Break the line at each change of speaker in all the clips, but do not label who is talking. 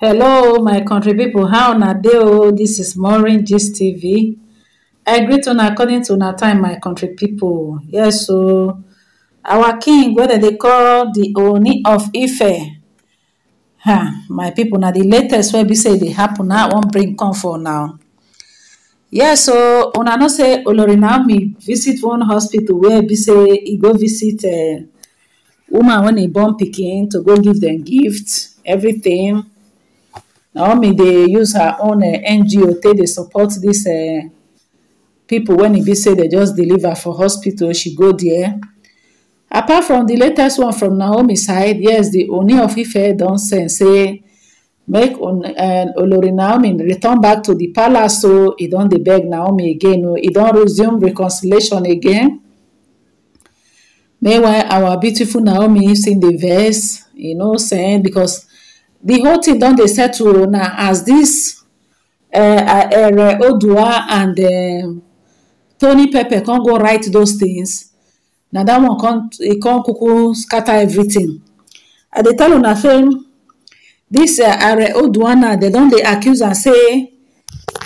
hello my country people. how na dey o oh? dis is Maureen gist tv i greet una according to na time my country people. yes so oh. our king whether they call the oni of ife ha my people. na the latest where be say they e happen na won't bring comfort now yes so oh. una know say olori naomi visit one hospital where be say he go visit a eh, woman when he born picking to go give them gifts, everything naomi dey use her own uh, ngo take dey support dis uh, people. When e be say dem just deliver for hospital she go there apart from the latest one from naomi side yes the oni of ife don send say make uh, olori naomi return back to the palace so he don't beg naomi again o oh, e don resume reconciliation again meanwhile our beautiful naomi still the verse. You know, saying because the whole thing don dey settle na as this dis eh, ere eh, eh, odua and tony pepper con go write those things na that one e con kuku scatter everything i dey tell una say dis ere odua now they don dey accuse am say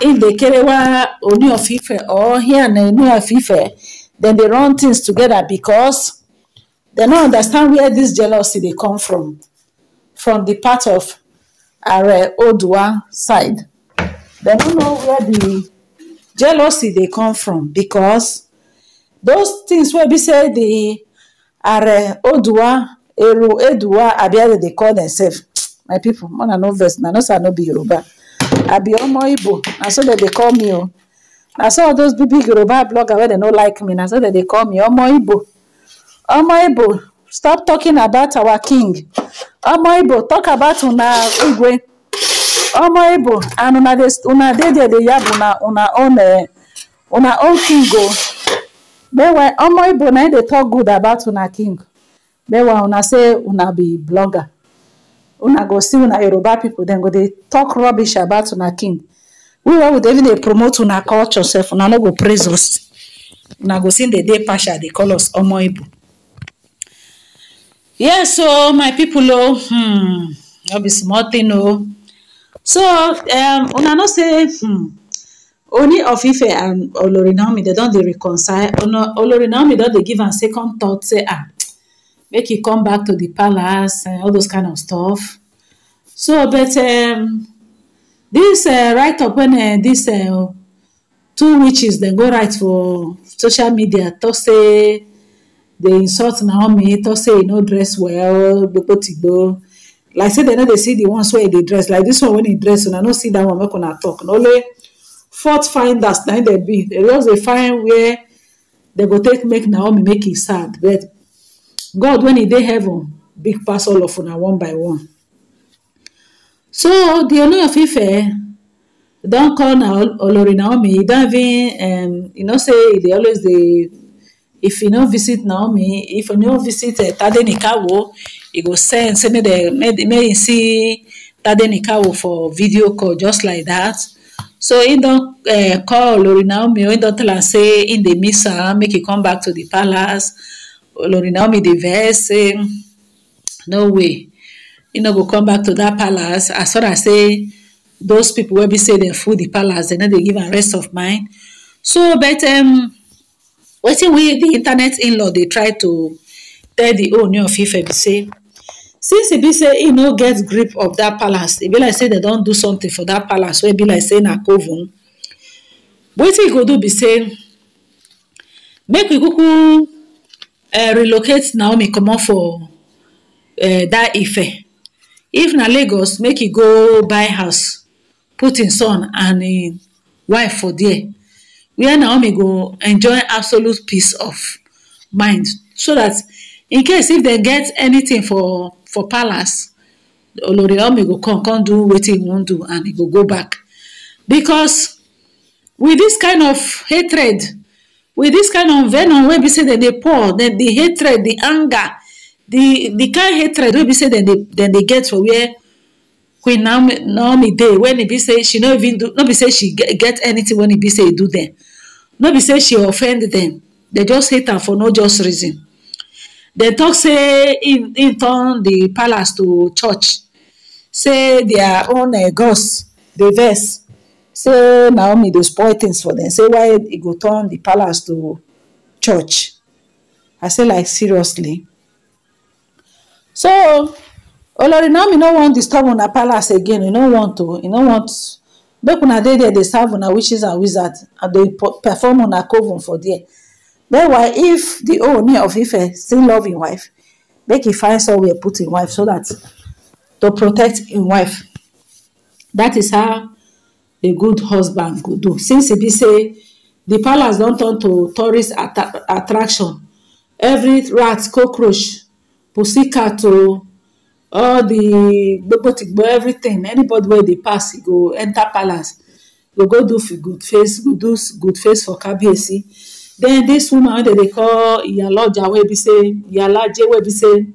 im dey kerewa oni of ife or here and oni of ife dem dey run things together because dem no understand where this jealousy dey come from from the part of our Odua side. They don't know where the jealousy they come from because those things where we say the Are Odua, Eru Edua, Abiare, they call themselves. My people, man, I know verse, I know, I know, be Yoruba. I be Omo I saw that they call me. Oh. saw those big big yoruba where they do no like me I so that they call me omo igbo stop talking about our king Ọmọ ibo talk about una ọmọ ibo and una dey there dey yab una own eh, una own king o oh. meanwhile ibo na ị e dey talk good about una king meanwhile una say una be blogger una go see una yoruba pipo dem go dey talk rubbish about una king we wey we dey even dey promote una culture sef una no go praise us una go see dem dey partial dey call us omoibo yes so my people o oh, hmm, no be small thing o oh. so um, una know say hmm, Ooni of Ife and Olori Naomi dem don dey reconcile Olori Naomi don dey give am second thought say ah make e come back to the palace and all those kind of stuff so but um, this uh, write up when uh, this uh, two witches dem go write for social media talk say. They insult naomi talk say you no dress well gbogbo like say they know they see the ones where they dress like this one when e dress una no see that one make una talk na only fourth find that's im they be They just dey find where they go take make naomi make it sad but god when he did heaven big pass all of una one by one so know only of Don't call olori naomi Don't even um you know say they always they if you no visit naomi if you no visit eh, nikawo you go send say make they make make you see tandenikawo for video call just like that so im don eh, call lori naomi or im don tell am say him dey miss am make he come back to di palace lori naomi dey vex say no way im no go come back to dat palace as far as say those pipo wey be say dem full di palace dem no dey give am rest of mind so but um, wetin we the internet in-law dey try to tell the owner of ife be say since e be say e no get grip of that palace e be like say they don do something for that palace wey be like say na coven wetin e go do be say make we kuku eh, relocate naomi comot for dat eh, ife if na lagos make e go buy house put im son and im wife for there here naomi go enjoy absolute peace of mind so that in case if dem get anything for for palace olori omie go come come do wetin im wan do and e go go back because with dis kind of hatred with dis kind of venom wey be say dem dey pour then di hatred di anger di kind hatred wey be say dem dey get for where queen naomi dey wen e be say she no even do no be say she get anytin wen e be say e do dem. no be say she offend dem dem just hate am for no just reason dem talk say im turn di palace to church say dia own eh, gods dey vex say naomi dey spoil tins for dem say why e go turn di palace to church i say like seriously? so olori naomi no wan disturb una palace again e no want to e no want. make una dey there they serve una witches and wizards and they perform on a coven for there then why if the owner of Ife still loving wife make e find somewhere put in wife so that to protect in wife that is how a good husband go do since they be say the palace don't turn to tourist attraction every rat cockroach pussycat o oh, all the gbogbo everything anybody wey dey pass e go enter palace go go do good face do good face for kabiyesi then this woman wey dem dey call iyaloja wey be say iyalaje wey be say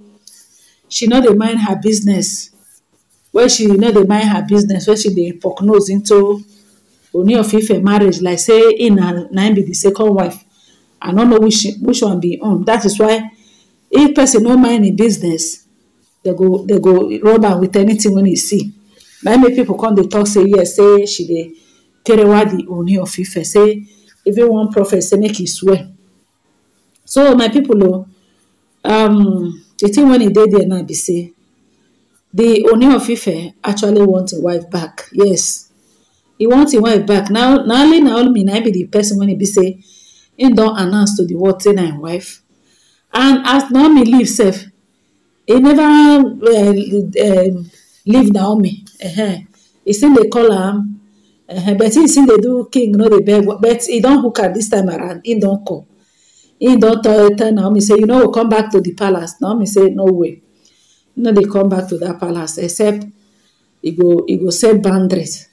she no dey mind her business wey she no dey mind her business wey she dey poke nose into Ooni of Ife marriage like say im na im be the second wife i no know which which one be im own that is why if person no mind im business they go they go rub am with anything wey e see na make people come dey talk say yes say she dey terewa the Ooni of Ife say even one prophet say make he swear so my people o oh, um, the thing wey e dey there now be say the Ooni of Ife actually want im wife back yes he want im wife back now. na na only Naomi na be the person wey e be say im don announce to the world say na im wife and as Naomi leave sef he never eh, eh, leave naomi he still dey call am but he still dey do king no dey beg but he don hooker this time around him don come him don tell naomi say you no go come back to di palace naomi say no way you no dey come back to dat palace except e go you go set boundaries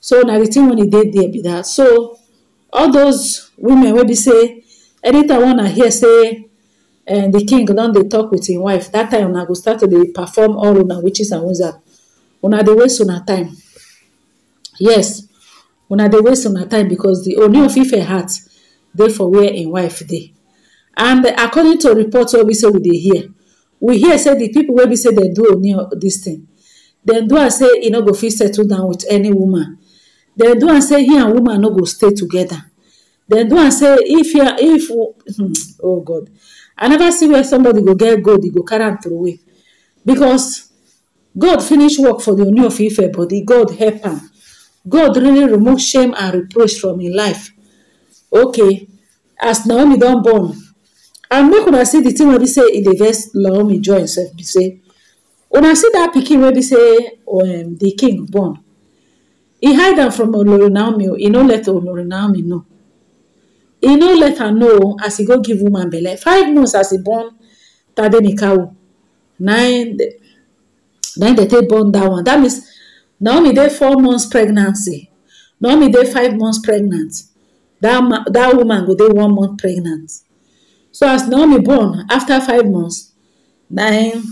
so na di tin wey dey there be dat so all those women wey be say everything i na hear say. And the king don't they talk with his wife That time I go start to perform all una witches and wizards una they waste on una time yes una they waste on una time because the only of ife heart they for wear in wife they. and according to reports what we say we hear we hear say the people where we say they do only this thing Then do I say you no go fit settle down with any woman Then do I say he and woman no go stay together Then do I say if you if hmm, oh god i never see where somebody go get gold e go carry am away because god finish work for the only of Ife faith but god help am god really remove shame and reproach from im life okay as naomi don born and make una see di tin be say e dey vex naomi join sef be say una see dat pikin wey be say di um, king born e hide am from olorunnaomi o oh, e no let olorunnaomi know. You no let her know as e go give woman belle five months as e born tadeni cow nine nine dey take born that one That means naomi dey four months pregnancy naomi dey five months pregnant that woman go dey one month pregnant so as naomi born after five months nine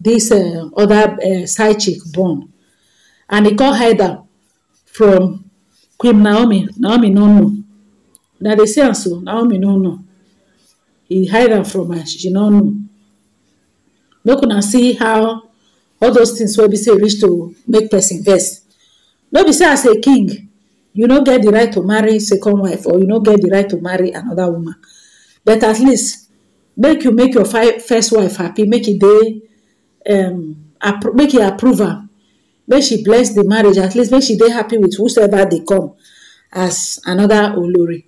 this uh, other uh, side chick born and he call her from queen naomi naomi no know now they say am so naomi no know He hide them from her she no We make una see how all those things will be say reach to make person best. no be say as a king you no get the right to marry second wife or you no get the right to marry another woman but at least make you make your first wife happy make e um make it approve her. make she bless the marriage at least make she dey happy with whosoever they come as another olori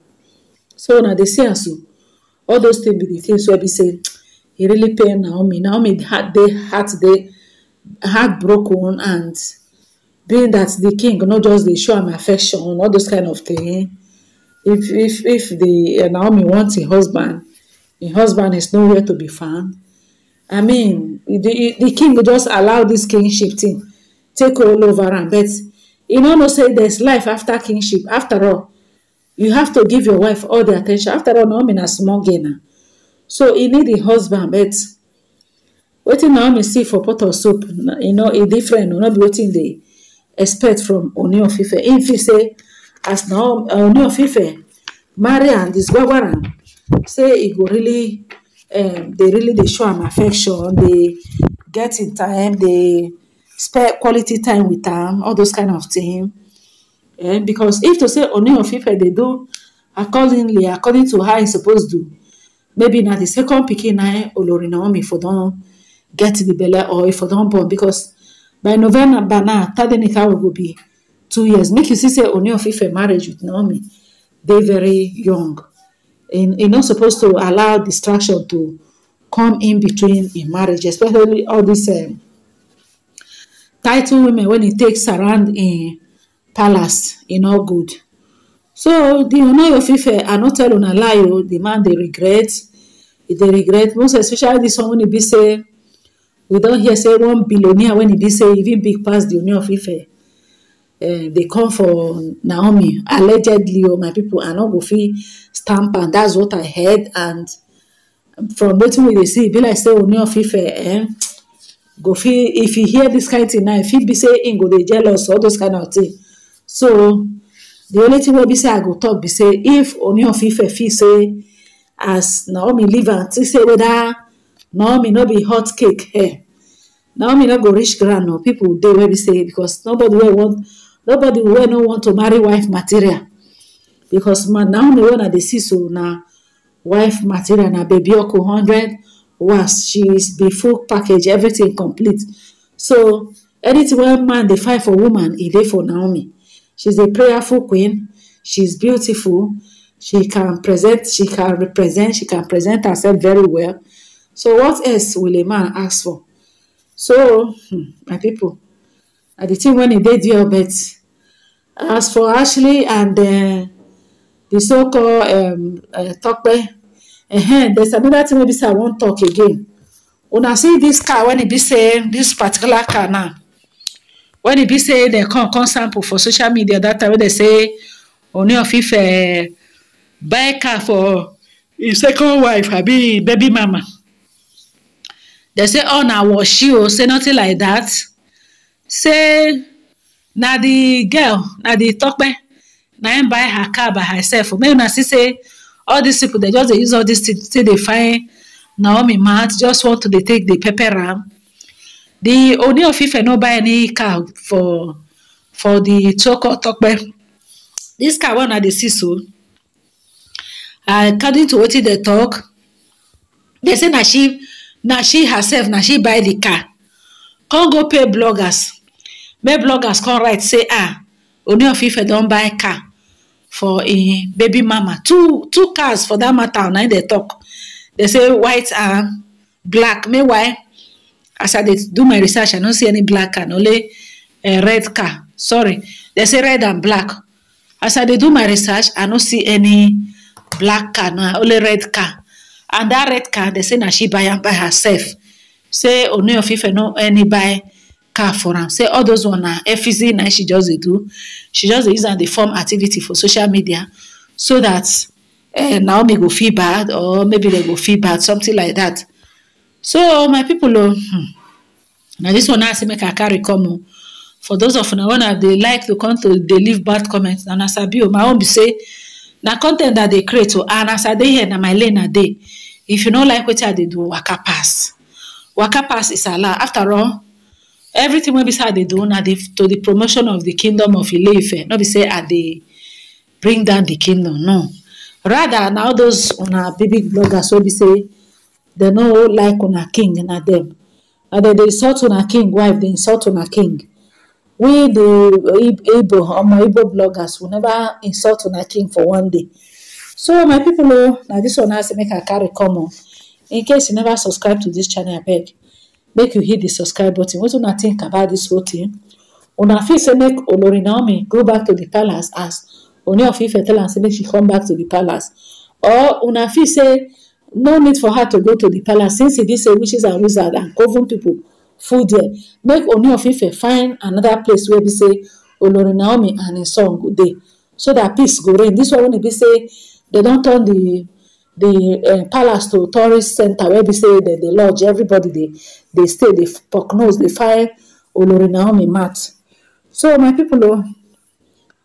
so now they say so all those things be the things where be say he really pain naomi naomi heart they heart broken, and being that the king not just they show am affection all those kind of thing if if if the uh, naomi wants a husband a husband is nowhere to be found i mean the the king just allow this kingship thing take all over and but you no know say there's life after kingship after all you have to give your wife all the attention after all naomi is a small gainer, so he need a husband but waiting naomi see for pot of soup you know a different no be waiting the expect from oni of If you say as na uh, oni of ife marry am discover say e go really um, dey really they show him affection They get im time They spend quality time with him. all those kind of thing Eh? Because if to say only of Ife they do accordingly, according to how it's supposed to, maybe now the second pikin eh, or Lori Naomi for don get the belly or if for don born because by November by now Tadenika will be two years. Make you see say only of a marriage with Naomi, they very young. And you're not supposed to allow distraction to come in between in marriage, especially all these um, title women when it takes around in palace e no good so di onoyo fife i no tell una lie o oh. di man dey regret e dey regret most especially dis one wen e be say we don hear say one billionaire wen e be say even big pass di onoyo fife dey eh, come for naomi allegedly o oh, my pipo i no go fit stamp am that's what i heard and from wetin we dey see e be like say oneyo fife eh go fit if e hear dis kind thing now e fit be say im go dey jealous all those kind of thing so the only thing we be say i go talk be say if oni of a fee say as naomi leave am think say whether naomi no be hot cake eh naomi no go rich ground no people they will be say because nobody will want nobody will no want to marry wife material because ma naomi wey una dey see so na wife material na baby oku hundred was she is be full package everything complete so anything wey man they fight for woman e dey for naomi She's a prayerful queen. She's beautiful. She can present, she can represent, she can present herself very well. So what else will a man ask for? So, hmm, my people, at the time when he did your bet, as for Ashley and uh, the so-called um, uh, Tokpe, uh-huh, there's another thing maybe I won't talk again. When I see this car, when it be saying this particular car now, when e be say dem come come sample for social media that time wey dem say Ooni of Ife buy car for im second wife abi baby mama dem say oh na washi o oh, say nothing like that. say na di girl na di Tope na im buy her car by herself o oh. make una see say all these people, dem just dey use all dis things take dey find Naomi mouth just want to dey take dey pepper am The Oni of Ife no buy any car for for the Toko Tokpe. This car one at the see so. According to wetin dem talk, dem say na she na she herself na she buy the car. Come go pay bloggers. Make bloggers come write say ah Oni of Ife don buy car for im baby mama. Two two cars for that matter na im dey talk. Dem say white and black. Meanwhile as I did do my research, I don't see any black car, only a eh, red car. Sorry, they say red and black. As I did do my research, I don't see any black car, no, only red car. And that red car, they say that she buy and by herself. Say only if you know any buy car for her. Say all those one are FEC Now she just do. She just use am dey form activity for social media so that uh, Naomi go feel bad or maybe they go feel bad, something like that. so my people oh, hmm. na this one na say make i carry come oh. for those of una na i dey like to come to dey leave bad comments and i sabi oh, my own be say na con ten t dey create and as i dey here na my lane na dey if you no like wetin i dey do waka pass waka pass is isala after all everything wey dey do na to the promotion of the kingdom of ileife no be say i dey bring down the kingdom no rather na all those big-big bloggers wey be say. dem no like una king na dem and dem dey insult una king wife dey insult una king we the igbo omo igbo bloggers we never insult una king for one day so my people o oh, na dis one I say make I carry come o oh. in case you never subscribe to dis channel abeg make you hit di subscribe button wetin una think about dis whole thing una feel say make naomi go back to di palace as oni of ife tell am say make she come back to di palace or una feel say. no need for her to go to the palace since he did say witches and wizards and coven people full there make oni of ife find another place where be say olori naomi and im son go dey so that peace go reign This one when e be say they don't turn the di eh, palace to tourist center where be say dem dey lodge everybody they they stay they poke nose dey find olori naomi mat so my people o oh,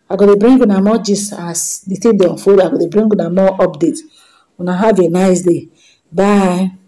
i go dey bring una more gist as the thing they unfold i go dey bring una more updates. una have a nice day bye.